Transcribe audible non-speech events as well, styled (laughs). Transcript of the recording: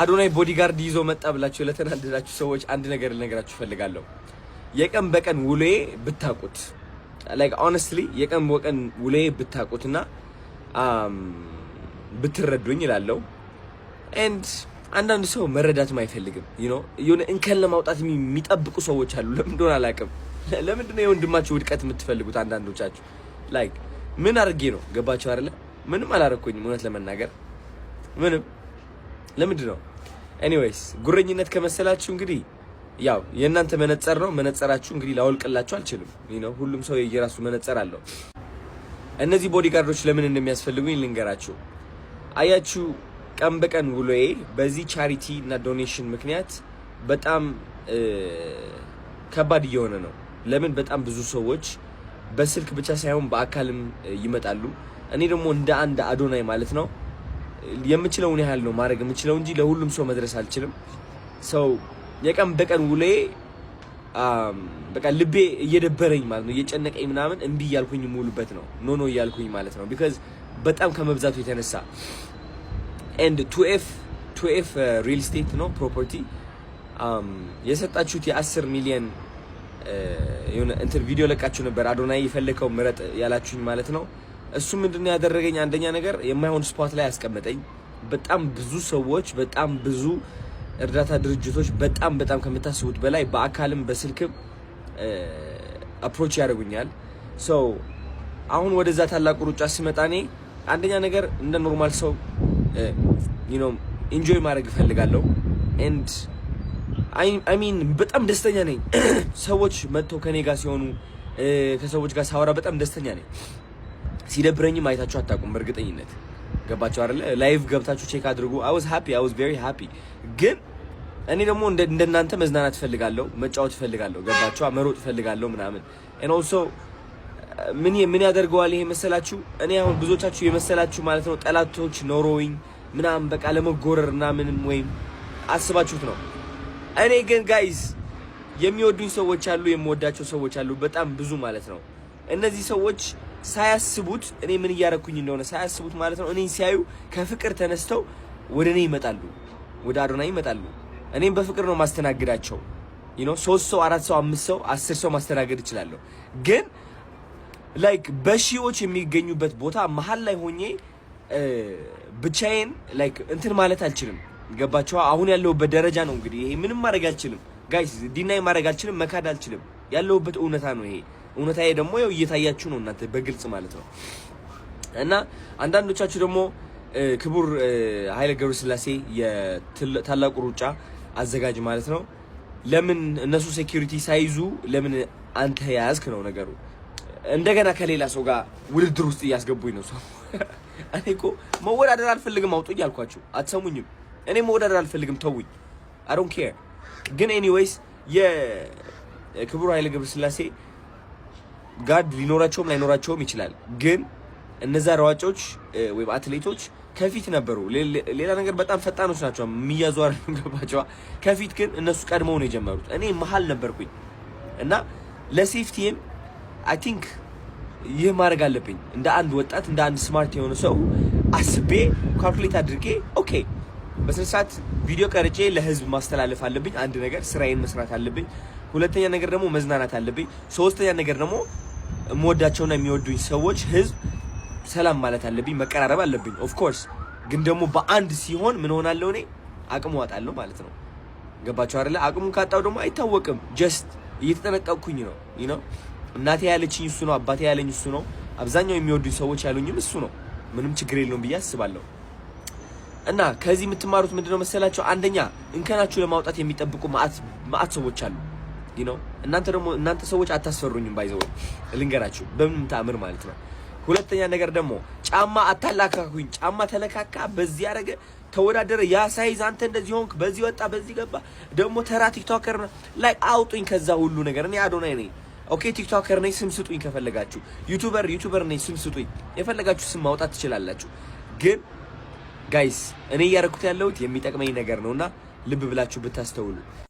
አዶናይ ቦዲጋርድ ይዞ መጣ ብላችሁ ለተናደዳችሁ ሰዎች አንድ ነገር ልነግራችሁ ፈልጋለሁ የቀን በቀን ውሎዬ ብታቁት ላይክ ኦነስትሊ የቀን በቀን ውሎዬ ብታቁትና um, ብትረዱኝ ይላለው። ኤንድ አንዳንድ ሰው መረዳትም አይፈልግም። የሆነ እንከን ለማውጣት የሚጠብቁ ሰዎች አሉ። ለምን እንደሆነ አላውቅም። (laughs) ለምንድን የወንድማችሁ ውድቀት የምትፈልጉት? አንዳንዶቻችሁ ላይክ ምን አድርጌ ነው ገባችሁ አይደለ? ምንም አላረኩኝም እውነት ለመናገር ምንም ለምንድን ነው? ኤኒዌይስ ጉረኝነት ከመሰላችሁ እንግዲህ ያው የእናንተ መነጸር ነው። መነጸራችሁ እንግዲህ ላወልቅላችሁ አልችልም። ነው ሁሉም ሰው የየራሱ መነጸር አለው። እነዚህ ቦዲጋርዶች ለምን እንደሚያስፈልጉኝ ልንገራችሁ። አያችሁ ቀን በቀን ውሎዬ በዚህ ቻሪቲ እና ዶኔሽን ምክንያት በጣም ከባድ እየሆነ ነው። ለምን በጣም ብዙ ሰዎች በስልክ ብቻ ሳይሆን በአካልም ይመጣሉ። እኔ ደግሞ እንደ አንድ አዶናይ ማለት ነው የምችለውን ያህል ነው ማድረግ የምችለው እንጂ ለሁሉም ሰው መድረስ አልችልም። ሰው የቀን በቀን ውሌ በቃ ልቤ እየደበረኝ ማለት ነው እየጨነቀኝ ምናምን እምቢ እያልኩኝ የምውልበት ነው ኖ ኖ እያልኩኝ ማለት ነው። ቢካዝ በጣም ከመብዛቱ የተነሳ ኤንድ ቱኤፍ ቱኤፍ ሪል ስቴት ነው ፕሮፐርቲ የሰጣችሁት የአስር ሚሊየን የሆነ እንትን ቪዲዮ ለቃችሁ ነበር አዶናይ የፈለከው ምረጥ ያላችሁኝ ማለት ነው። እሱ ምንድነው ያደረገኝ? አንደኛ ነገር የማይሆን ስፖት ላይ ያስቀመጠኝ። በጣም ብዙ ሰዎች፣ በጣም ብዙ እርዳታ ድርጅቶች በጣም በጣም ከምታስቡት በላይ በአካልም በስልክም አፕሮች ያደርጉኛል። ሰው አሁን ወደዛ ታላቁ ሩጫ ሲመጣ እኔ አንደኛ ነገር እንደ ኖርማል ሰው ኢንጆይ ማድረግ እፈልጋለሁ። ኤንድ ሚን በጣም ደስተኛ ነኝ። (clears throat) ሰዎች መጥተው ከኔ ጋር ሲሆኑ ከሰዎች ጋር ሳወራ በጣም ደስተኛ ነኝ። ሲደብረኝም አይታችሁ አታውቁም በእርግጠኝነት ገባችሁ አይደለ? ላይቭ ገብታችሁ ቼክ አድርጉ። አይ ዋዝ ሃፒ አይ ዋዝ ቬሪ ሃፒ። ግን እኔ ደግሞ እንደናንተ መዝናናት ፈልጋለሁ፣ መጫወት ፈልጋለሁ፣ ገባችሁ መሮጥ ፈልጋለሁ ምናምን and ምን ምን ያደርገዋል ይሄ መሰላችሁ? እኔ አሁን ብዙዎቻችሁ የመሰላችሁ ማለት ነው ጠላቶች ኖሮኝ ምናምን በቃ ለመጎረር እና ምንም ወይም አስባችሁት ነው። እኔ ግን ጋይዝ የሚወዱኝ ሰዎች አሉ፣ የምወዳቸው ሰዎች አሉ፣ በጣም ብዙ ማለት ነው። እነዚህ ሰዎች ሳያስቡት እኔ ምን እያደረኩኝ እንደሆነ ሳያስቡት ማለት ነው። እኔን ሲያዩ ከፍቅር ተነስተው ወደ እኔ ይመጣሉ፣ ወደ አዶናይ ይመጣሉ። እኔም በፍቅር ነው ማስተናግዳቸው። ዩኖ ሶስት ሰው፣ አራት ሰው፣ አምስት ሰው፣ አስር ሰው ማስተናገድ እችላለሁ። ግን ላይክ በሺዎች የሚገኙበት ቦታ መሀል ላይ ሆኜ ብቻዬን ላይክ እንትን ማለት አልችልም። ገባችኋ? አሁን ያለሁበት ደረጃ ነው እንግዲህ ይሄ። ምንም ማድረግ አልችልም ጋይስ፣ ዲናይ ማድረግ አልችልም፣ መካድ አልችልም። ያለሁበት እውነታ ነው ይሄ። እውነታዬ ደግሞ ያው እየታያችሁ ነው እናንተ በግልጽ ማለት ነው። እና አንዳንዶቻችሁ ደግሞ ክቡር ኃይለ ገብረስላሴ የታላቁ ሩጫ አዘጋጅ ማለት ነው፣ ለምን እነሱ ሴኪሪቲ ሳይዙ ለምን አንተ ያዝክ ነው ነገሩ። እንደገና ከሌላ ሰው ጋር ውድድር ውስጥ እያስገቡኝ ነው ሰው። (laughs) እኔ እኮ መወዳደር አልፈልግም፣ አውጡኝ አልኳችሁ፣ አትሰሙኝም። እኔ መወዳደር አልፈልግም፣ ተውኝ፣ አይ ዶንት ኬር። ግን ኤኒዌይስ የክቡር ኃይለ ስላሴ ጋርድ ሊኖራቸውም ላይኖራቸውም ይችላል። ግን እነዛ ሯጮች ወይም አትሌቶች ከፊት ነበሩ። ሌላ ነገር በጣም ፈጣኖች ናቸው የሚያዙ ገባቸዋ። ከፊት ግን እነሱ ቀድመው ነው የጀመሩት። እኔ መሀል ነበርኩኝ እና ለሴፍቲም አይ ቲንክ ይህ ማድረግ አለብኝ እንደ አንድ ወጣት እንደ አንድ ስማርት የሆነ ሰው አስቤ ካልኩሌት አድርጌ ኦኬ በስነስርዓት ቪዲዮ ቀርጬ ለህዝብ ማስተላለፍ አለብኝ። አንድ ነገር ስራዬን መስራት አለብኝ። ሁለተኛ ነገር ደግሞ መዝናናት አለብኝ። ሶስተኛ ነገር ደግሞ የምወዳቸውና የሚወዱኝ ሰዎች ህዝብ ሰላም ማለት አለብኝ፣ መቀራረብ አለብኝ። ኦፍኮርስ ግን ደግሞ በአንድ ሲሆን ምን ሆናለሁ? እኔ አቅሙ አጣለሁ ማለት ነው። ገባችሁ አይደለ? አቅሙ ካጣው ደግሞ አይታወቅም። ጀስት እየተጠነቀቅኩኝ ነው ነው። እናቴ ያለችኝ እሱ ነው፣ አባቴ ያለኝ እሱ ነው፣ አብዛኛው የሚወዱኝ ሰዎች ያሉኝም እሱ ነው። ምንም ችግር የለውም ብዬ አስባለሁ። እና ከዚህ የምትማሩት ምንድነው መሰላቸው? አንደኛ እንከናችሁ ለማውጣት የሚጠብቁ ማአት ሰዎች አሉ። ነው። እናንተ ደግሞ እናንተ ሰዎች አታስፈሩኝም። ባይዘው ልንገራችሁ በምንም ተአምር ማለት ነው። ሁለተኛ ነገር ደግሞ ጫማ አታላካኩኝ። ጫማ ተለካካ፣ በዚህ ያደረገ ተወዳደረ፣ ያ ሳይዝ አንተ እንደዚህ ሆንክ፣ በዚህ ወጣ፣ በዚህ ገባ። ደግሞ ተራ ቲክቶከር ላይ አውጡኝ ከዛ ሁሉ ነገር። እኔ አዶናይ ነኝ። ኦኬ ቲክቶከር ነኝ፣ ስም ስጡኝ። ከፈለጋችሁ ዩቱበር ዩቱበር ነኝ፣ ስም ስጡኝ። የፈለጋችሁ ስም ማውጣት ትችላላችሁ። ግን ጋይስ እኔ እያደረኩት ያለሁት የሚጠቅመኝ ነገር ነውና ልብ ብላችሁ ብታስተውሉ